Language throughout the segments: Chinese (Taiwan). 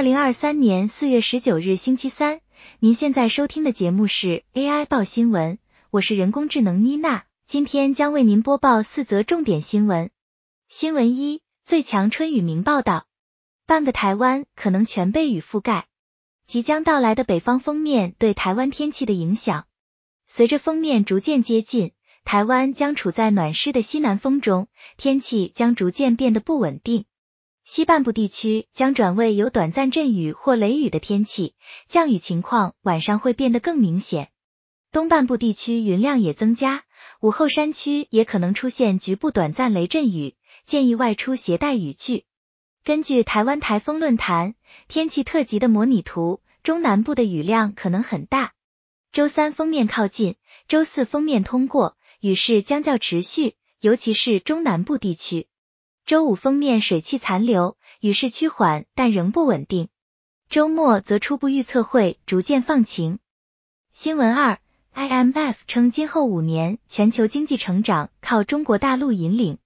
二零二三年四月十九日星期三，您現在收聽的節目是 AI 報新聞，我是人工智能妮娜，今天將為您播報四則重點新聞。新聞一：最強春雨明報道，半個台灣可能全被雨覆蓋。即將到來的北方鋒面對台灣天氣的影響，隨着鋒面逐漸接近，台灣將處在暖濕的西南風中，天氣將逐漸變得不穩定。西半部地區將轉為有短暫陣雨或雷雨的天氣，降雨情況晚上會變得更明顯。東半部地區雲量也增加，午後山區也可能出現局部短暫雷陣雨，建議外出攜帶雨具。根據台灣台風論壇天氣特急的模擬圖，中南部的雨量可能很大。周三鋒面靠近，周四鋒面通過，雨勢將較持續，尤其是中南部地區。周五封面水汽殘留，雨勢趨緩，但仍不穩定。周末則初步預測會逐漸放晴。新聞二，IMF 稱今後五年全球經濟成長靠中國大陸引領。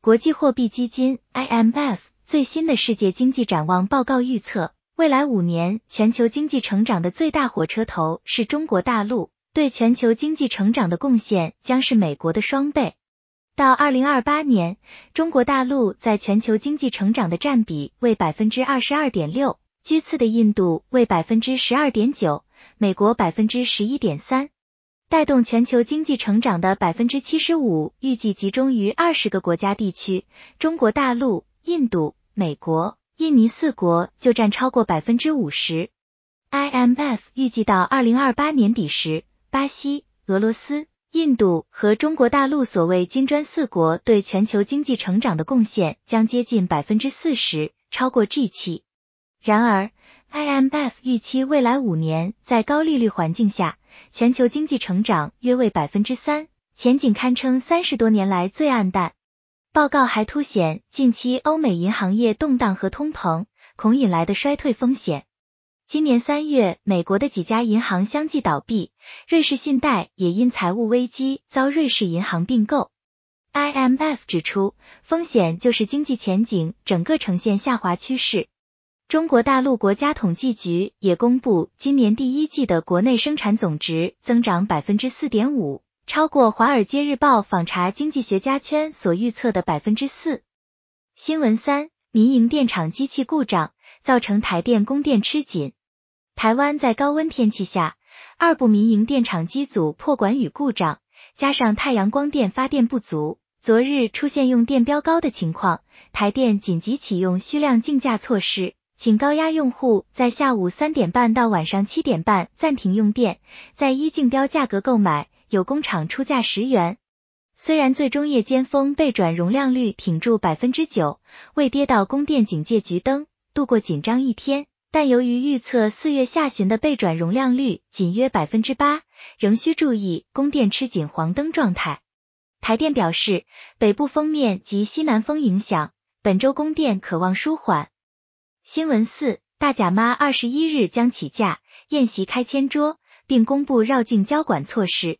國際貨幣基金 IMF 最新的世界經濟展望報告預測，未來五年全球經濟成長的最大火車頭是中國大陸，對全球經濟成長的貢獻將是美國的雙倍。到二零二八年，中國大陸在全球經濟成長的占比為百分之二十二點六，居次的印度為百分之十二點九，美國百分之十一點三。帶動全球經濟成長的百分之七十五，預計集，集中於二十個國家地區，中國大陸、印度、美國、印尼四國就占超過百分之五十。IMF 預計到二零二八年底時，巴西、俄羅斯、印度和中國大陸所謂金磚四國對全球經濟成長的貢獻將接近百分之四十，超過 G7。然而，IMF 預期未來五年在高利率環境下，全球經濟成長約為百分之三，前景堪稱三十多年來最黯淡。報告還凸顯近期歐美銀行業動盪和通膨恐引來的衰退風險。今年三月，美國的幾家銀行相繼倒閉，瑞士信貸也因財務危機遭瑞士銀行併購。IMF 指出，風險就是經濟前景整個呈現下滑趨勢。中國大陸國家統計局也公布，今年第一季的國內生產總值增長百分之四點五，超過華爾街日報訪查經濟學家圈所預測的百分之四。新聞三：民營電廠機器故障，造成台電供電吃緊。台灣在高溫天氣下，二部民營電廠機組破管與故障，加上太陽光電發電不足，昨日出現用電飆高的情況。台電緊急啟用需量競價措施，請高壓用戶在下午三點半到晚上七點半暫停用電，在依競標價格購買，有工廠出價十元。雖然最終夜間尖峰備轉容量率挺住百分之九，未跌到供電警戒橘燈，度過緊張一天。但由於預測四月下旬的備轉容量率僅約百分之八，仍需注意供電吃緊黃燈狀態。台電表示，北部鋒面及西南風影響，本週供電可望舒緩。新聞四，大甲媽二十一日將起駕宴席開千桌，並公布繞境交管措施。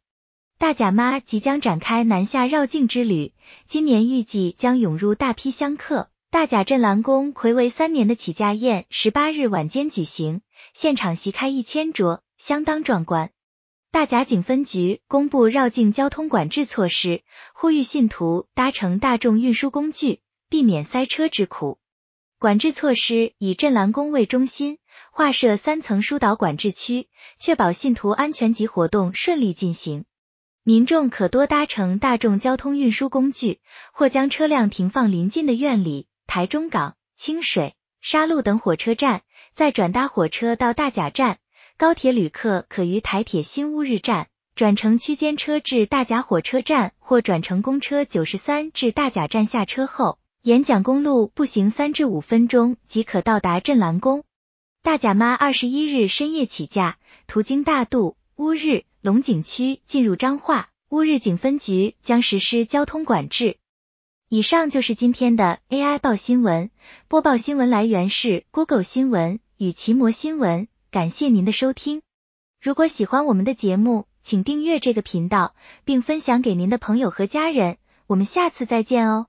大甲媽即將展開南下繞境之旅，今年預計將湧入大批香客。大甲鎮瀾宮睽違三年的起駕宴十八日晚間舉行，現場席開一千桌，相當壯觀。大甲警分局公布繞境交通管制措施，呼籲信徒搭乘大眾運輸工具，避免塞車之苦。管制措施以鎮瀾宮為中心，劃設三層疏導管制區，確保信徒安全及活動順利進行。民眾可多搭乘大眾交通運輸工具，或將車輛停放鄰近的院裡。台中港、清水、沙鹿等火車站，再轉搭火車到大甲站。高鐵旅客可於台鐵新烏日站轉乘區間車至大甲火車站，或轉乘公車九十三至大甲站下車後，沿蔣公路步行三至五分鐘即可到達鎮瀾宮。大甲媽二十一日深夜起駕，途經大肚、烏日、龍井區，進入彰化，烏日警分局將實施交通管制。以上就是今天的 AI 報新聞。播報新聞來源是 Google 新聞與奇摩新聞。感謝您的收聽。如果喜歡我們的節目，請訂閱這個頻道，並分享給您的朋友和家人。我們下次再見哦。